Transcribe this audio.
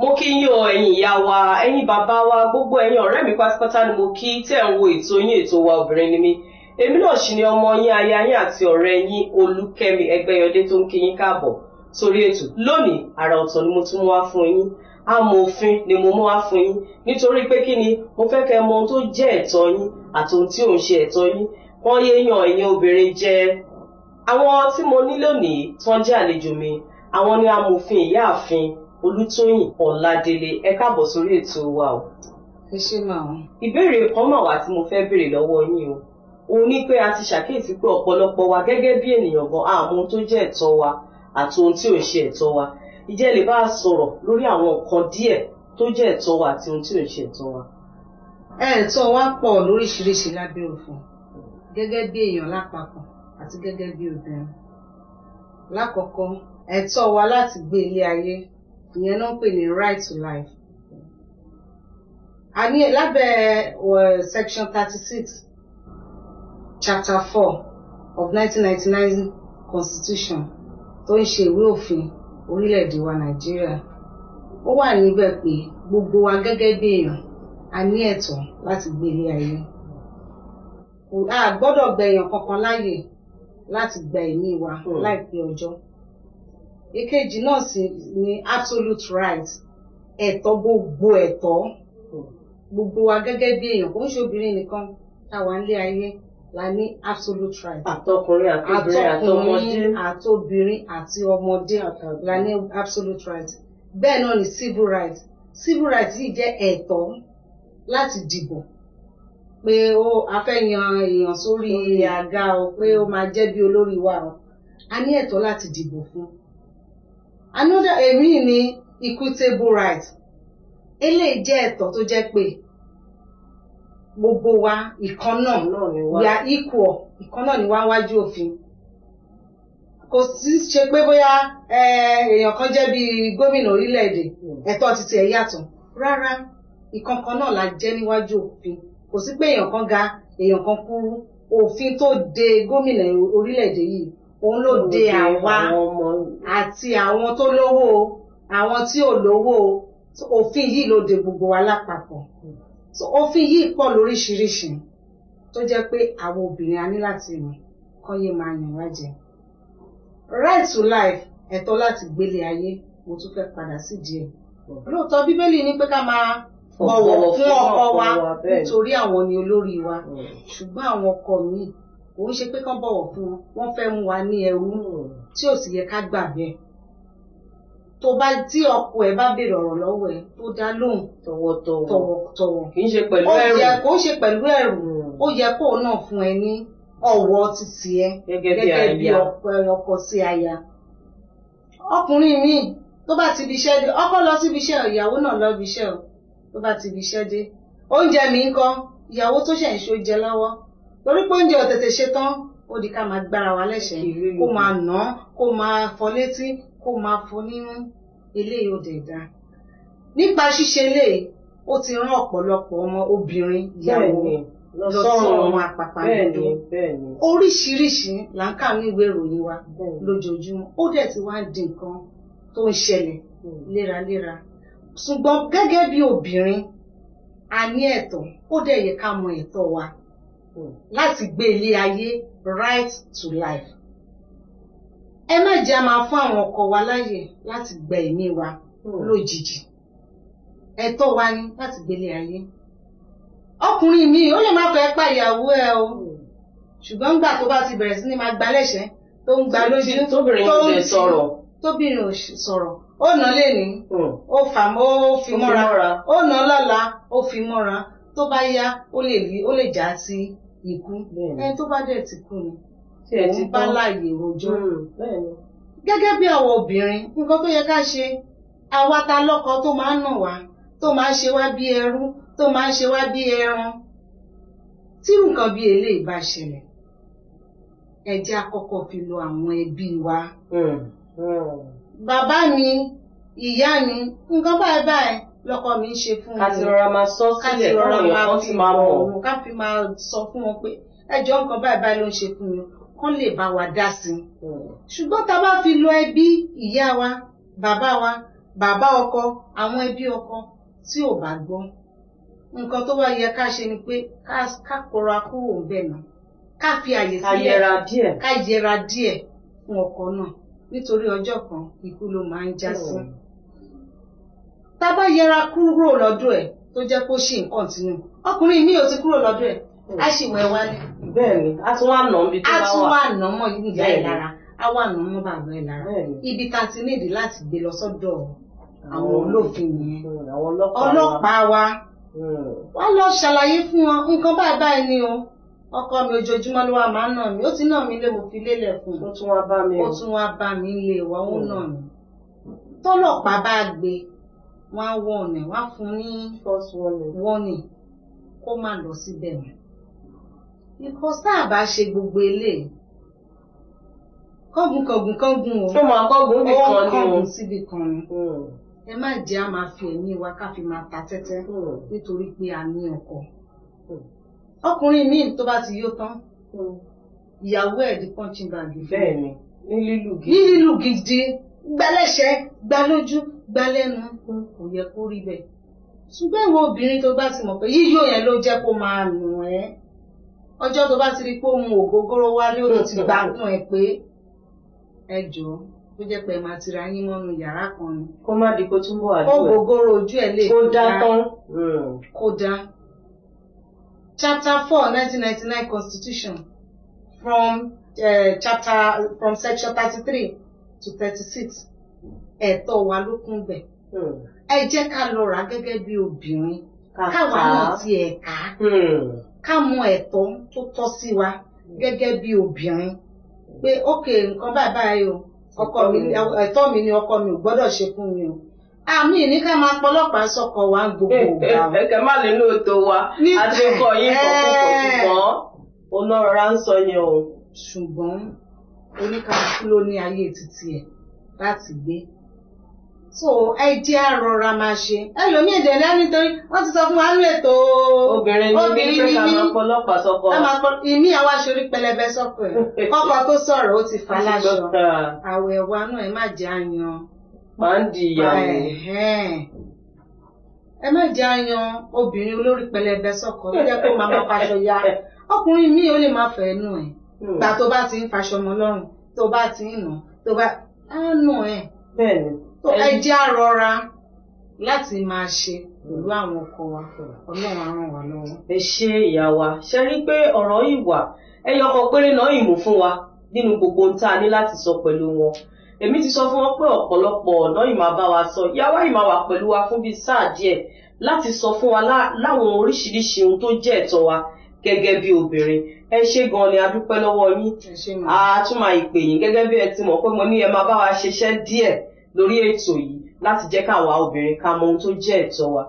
mo kí yín o ẹ̀yin ìyá wa ẹ̀yin bàbá wa gbogbo ẹ̀yin ọ̀rẹ́ mi pátápátá ni mo kí tẹ̀ ń wo ètò yín ètò wa obìnrin ni mí èmi náà sì ni ọmọ yín aya yín àti ọ̀rẹ́ yín Olúkẹ́mi Ẹgbẹ́yọdé tó ń kí yín káàbọ̀ sórí ètò lónìí àrà ọ̀tọ̀ ni mo tún wá fún yín amòfin ni mo mú wá fún yín nítorí pé kí ni mo fẹ́ kẹ́ mọ ohun tó jẹ́ ẹ̀tọ́ yín àti ohun tí ò ṣe ẹ̀tọ́ yín wọ́n yé yan ẹ̀yin obìnrin jẹ àwọn tí mo ní lónìí tán jẹ́ àlejò mi àwọn ni amòfin ìyáàfin olùtóyìn ọ̀làdélé ẹ káàbọ̀ sórí ètò wa o. ẹ ṣe máa wọn. ìbéèrè kan mà wá tí mo fẹ́ béèrè lọ́wọ́ yín o òun ní pé a ti ṣàkíyèsí pé ọ̀pọ̀lọpọ̀ wa gẹ́gẹ́ bí ènìyàn gan àmọ́ ohun tó jẹ́ ẹ̀tọ́ wa àti ohun tí ò ń ṣe ẹ̀tọ́ wa ìjẹ́ lè bá a sọ̀rọ̀ lórí àwọn nǹkan díẹ̀ tó jẹ́ ẹ̀tọ́ wa àti ohun tí ò ń ṣe ẹ̀tọ́ wa. ẹ̀tọ́ wa pọ̀ lóríṣiríṣi lábẹ́ òfin gẹ́gẹ́ bí èèyàn lápapọ̀ àti gẹ́gẹ́ bí obìnrin lákọ̀ọ́kọ́ ẹ̀tọ́ wa láti gbé ilé ayé ìyẹn náà ń pè ní right to life a ní lábẹ́ uh, section thirty six chapter four of nineteen ninety nine constitution tó ń ṣe ìwé òfin orílẹ̀-èdè wa nàìjíríà ó wà níbẹ̀ pé gbogbo wa gẹ́gẹ́ bí èèyàn a ní ẹ̀tọ́ láti gbé ilé ayé a gbọ́dọ̀ gba èèyàn kankan láàyè láti gba ẹ̀mí wa hmm. láìpẹ́ ọjọ́. Mm ìkejì náà sì ni absolute right ẹ̀tọ́ gbogbo ẹ̀tọ́ gbogbo wa gẹ́gẹ́ bí èèyàn kò ń ṣe obìnrin nìkan táwa ń lé ayé la ní absolute right. àtọkùnrin àtobìnrin àtọmọdé àtobìnrin àti ọmọdé la ní absolute right bẹ́ẹ̀ náà ni civil right civil right yìí jẹ́ ẹ̀tọ́ láti dìbò pé ó a fẹ́ yan èèyàn sórí àga o pé ó máa jẹ́ bí olórí wa o a ní ẹ̀tọ́ láti dìbò fún another èmi ni equitable right eléyìí jẹ́ ẹ̀tọ́ tó jẹ́ pé gbogbo wa ìkan náà we are equal ìkan náà ni wá wájú òfin kò sí ṣe pé bóyá èèyàn kan jẹ́ bíi gómìnà orílẹ̀-èdè hmm. ẹ̀tọ́ títí ẹ̀ yàtọ̀ rárá ìkankan náà la jẹ́ níwájú òfin kò sí pé èèyàn kan ga èèyàn kan kúrú òfin tó de gómìnà orílẹ̀-èdè yìí òun ló de àwa àti àwọn tó lówó àwọn tí ò lówó òfin yìí ló de gbogbo wa lápapọ̀ òfin yìí pọ̀ lóríṣiríṣi tó jẹ́ pé àwọn obìnrin a ní láti rìn kọ́ yé máa yàn wá jẹ right to life ẹ̀tọ́ láti gbélé ayé mo tún fẹ́ padà sí díẹ̀ lóòótọ́ bíbélì ní pé ká máa bọ̀wọ̀ fún ọkọ wa nítorí àwọn ni olórí wa mm. ṣùgbọ́n àwọn ọkọ míì kò ń ṣe pé kán bọ̀wọ̀ fún wọn wọ́n fẹ́ mú wa ní ẹrú tí ò sì yẹ ká gbà bẹ́ẹ̀ tó bá tí ọkọ ẹ bá béèrè ọ̀rọ̀ lọ́wọ́ ẹ tó dá lóhùn tọ̀wọ̀tọ̀wọ̀ kì í ṣe pẹ̀lú ẹrù ó yẹ kó ṣe pẹ̀lú ẹrù ó yẹ kó náà fún ẹ ní ọ̀wọ̀ títí ẹ gẹ́gẹ́ bí ọkọ sí aya ọkùnrin míì tó bá ti ibiṣẹ́ dé ọkọ lọ sí ibiṣẹ́ ìyàwó náà lọ ibiṣẹ́ o tó bá ti ibiṣẹ́ dé oúnjẹ mi ń kọ́ ìyàwó tó ṣẹ̀ ń ṣe lọ́wọ́ torí pé oúnjẹ ò tètè ṣe tán ó di ká máa gbára wa lẹ́sẹ̀ kó máa nà án kó máa fọ létí kó máa fọ nínú eléyìí ó dẹ̀ dáa nípa ṣíṣe eléyìí ó ti rán ọ̀pọ̀lọpọ̀ ọmọ obìnrin ìyàwó lọ́sọ̀rọ̀ ọmọ àpàpàǹdodo oríṣiríṣi là ń kà ní ìwé ìròyìn wa lójoojúmọ́ ó dẹ̀ ti wá di nǹkan tó ń ṣẹlẹ̀ hmm. léraléra ṣùgbọ́n gẹ́gẹ́ bí obìnrin a ní ẹ̀tọ́ ó dẹ̀ yẹ ká mọ ẹ̀tọ́ wa láti gbé ilé ayé right to life. ẹ má jẹ́ a máa fún àwọn ọkọ wa láyè láti gba ẹ̀mí wa lójijì ẹ̀tọ́ wa ni láti gbélé ayé ọkùnrin mi ó lè má fẹ́ pa ìyàwó ẹ o ṣùgbọ́n nígbà tó bá ti bẹ̀rẹ̀ sí ni máa gba lẹ́sẹ̀ tó ń gba lójú tó ń sọ̀rọ̀ tóbìnrin ò sọ̀rọ̀ ó nà lẹ́ni hmm. ó fà mọ́ ó fi mọ́ra ó nà lọ́la ó fi mọ́ra tó bá yá ó lè rí ó lè já sí ikú ẹni tó bá dẹ̀ ti kú ni òun bá láàyè rojọ́ hmm, gẹ́gẹ́ bí àwọn obìnrin nǹkan tó yẹ ká ṣe àwa ta lọ́kọ tó máa ń nà wá tó máa ń ṣe wá bí ẹrú tó máa ń ṣe wá bí ẹran tí nǹkan bí eléyìí bá ṣẹlẹ̀ ẹ jẹ́ fi lo àwọn ẹbí wa. Hmm, hmm. bàbá mi ìyá mi nǹkan báyìí báyìí lọ́kọ mi ń ṣe fún mi. káti rọra máa sọ sílẹ̀ káwọn èèyàn kan ti máa mọ̀. ká fi máa sọ fún wọn pé ẹjọ́ nǹkan báyìí báyìí ló ń ṣe fún mi kán lè bá wa dá sí i. ṣùgbọ́n tá a bá fi lọ ẹbí ìyá wa bàbá wa bàbá ọkọ àwọn ẹbí ọkọ tí ò bá gbọ́ nǹkan tó wá yẹ ká ṣe ni pé ká kóra kúrò bẹ́ẹ̀ náà ká fi àyè sílẹ̀ ká yẹra díẹ̀ fún ọkọ náà nítorí ọjọ́ kan ikú ló máa ń já sí. Oh tá a bá yẹra kúrò lọ́dọ̀ ẹ̀ tó jẹ́ kó ṣì ń kọ̀ntínú ọkùnrin mi ò ti kúrò lọ́dọ̀ ẹ̀ á sì wẹ̀ wá ní. bẹ́ẹ̀ni a tún wà nà án bí tó bá wà a tún wà nà án mọ ìyá ẹ lára a wà nà án mọ bàbá ẹ lára ibi tá a ti nídi láti gbé lọ sọ́dọ̀ àwọn hmm. olófin nìyẹn hmm, ọlọ́pàá wa hmm. wá lọ ṣàlàyé fún wọn nǹkan báyìí báyìí ni o ọkọ mi ojoojúmọ́ ló wà máa ń nà mí ó ti nà mí lé mo fi lélẹ̀ fún un ó tún wá bá mi lé wa ó nà mí tọ́lọ́pàá bá gbé wọ́n á wọ ọ̀nà wọ́n á fún ní warning kó má lọ síbẹ̀ mọ́. because tá a bá ṣe gbogbo eléyìí kọ́gùn kọ́gùn kọ́gùn o. tó máa kọ́gùn bí kan ni o. kọ́gùn síbi kan ni. Hmm. ẹ má jẹ́ a máa fi ẹ̀mí wa ká fi máa ta tẹ́tẹ́ hmm. nítorí pé a ní ọkọ. Hmm. ọkùnrin míì tó bá ti yó tán ìyàwó ẹ̀ di punching bag. bẹ́ẹ̀ ni ní lílù gidi. ní lílù gidi gbẹlẹ́sẹ̀ gbẹlójú gbá lẹ́nu pé kò yẹ kó rí bẹ́ẹ̀ ṣùgbọ́n ìwọ obìnrin tó bá ti mọ̀ pé yíyó yẹn ló jẹ́ kó máa nù ẹ́ ọjọ́ tó bá ti rí pé òun ògógóró wálé ó ti gbà fún ẹ pé ẹ jọ̀ọ́ tó jẹ́ pé ẹ máa tira yín mọ́nu yàrá kan ni. kó má di kó túbọ̀ àdúrà kó gogoro ojú ẹ̀ lè kó dá tán kó dá. chapter four nineteen ninety nine constitution from uh, chapter from section thirty three to thirty six ẹ̀tọ́ wa ló kún bẹ̀ hmm. ẹ jẹ́ ká lọ rà gẹ́gẹ́ bí obìnrin káwa náà ti ẹ̀ ká ká mọ hmm. ẹ̀tọ́ tó tọ́ sí wa gẹ́gẹ́ bí obìnrin pé ok nǹkan báyìí báyìí o ọkọ mi hmm. ẹ̀tọ́ mi ni ọkọ mi ò gbọ́dọ̀ ṣe fún mi o àmì ní ká máa pọlọ́pàá sọkọ wa gbogbo eh, ìgbà. Eh, ẹ kẹ má lè lóòótọ́ wa àdékọ yín kọkùnkùn onọ́rọ̀rá eh. ń sọ yẹn o. ṣùgbọ́n oníkàlùkù ló ní ayé títí ẹ̀ láti gbé so ẹ jẹ́ àrọ̀ra máa ṣe ẹlòmíì ìdẹ̀dá nítorí wọ́n ti sọ fún wa nínú ètò obìnrin ní ní pé ká máa pọlọ́pàá sọ́kọ. ká máa pọ ìmí àwa ṣorí pẹlẹbẹ sọ́kọ ẹ̀ ọkọ tó sọ̀rọ̀ ó ti fa láṣọ àwẹ̀ wa náà ẹ má jẹ́ àyàn. máa ń di ìyàwó. ẹ má jẹ́ àyàn obìnrin olórí pẹlẹbẹ sọ́kọ ó jẹ́ pé màmá faṣọ ya ọkùnrin mi ò lè má fẹ́ nù ẹ̀ hmm. gbà tó bá ti ń faṣọ ọmọ lọ́rùn tó bá ti ń nà tó bá á nù ẹ̀. bẹ́ẹ̀ ni tó ẹ jẹ́ àrọra láti máa ṣe pẹ̀lú àwọn ọkọ wa ọlọ́run á ràn wá lọ́wọ́. ẹ ṣe ìyá wa ṣe rí i pé ọ̀rọ̀ ìwà ẹyọ ọkọ péré náà ìmú fún wa nínú gbogbo ohun tá a ní láti sọ pẹ̀lú wọn èmi ti sọ fún wọn pé ọ̀pọ̀lọpọ̀ ọ̀nà ìmọ̀ bá wa sọ ìyá wa ìmọ̀ wà pẹ̀lú wa fún bíi sáà díẹ̀ láti sọ fún wa láwọn oríṣiríṣi ohun tó jẹ́ ẹ̀tọ́ wa gẹ́gẹ́ bí obìnrin ẹ ṣe gan ni a lọ́wọ́ yín a ìpè yín gẹ́gẹ́ bí ẹ ti mọ̀ pé mo ní ẹ máa bá wa ṣiṣẹ́ díẹ̀ lórí ètò yìí láti jẹ́ káwa obìnrin ká mọ ohun tó jẹ́ ẹ̀tọ́ wa.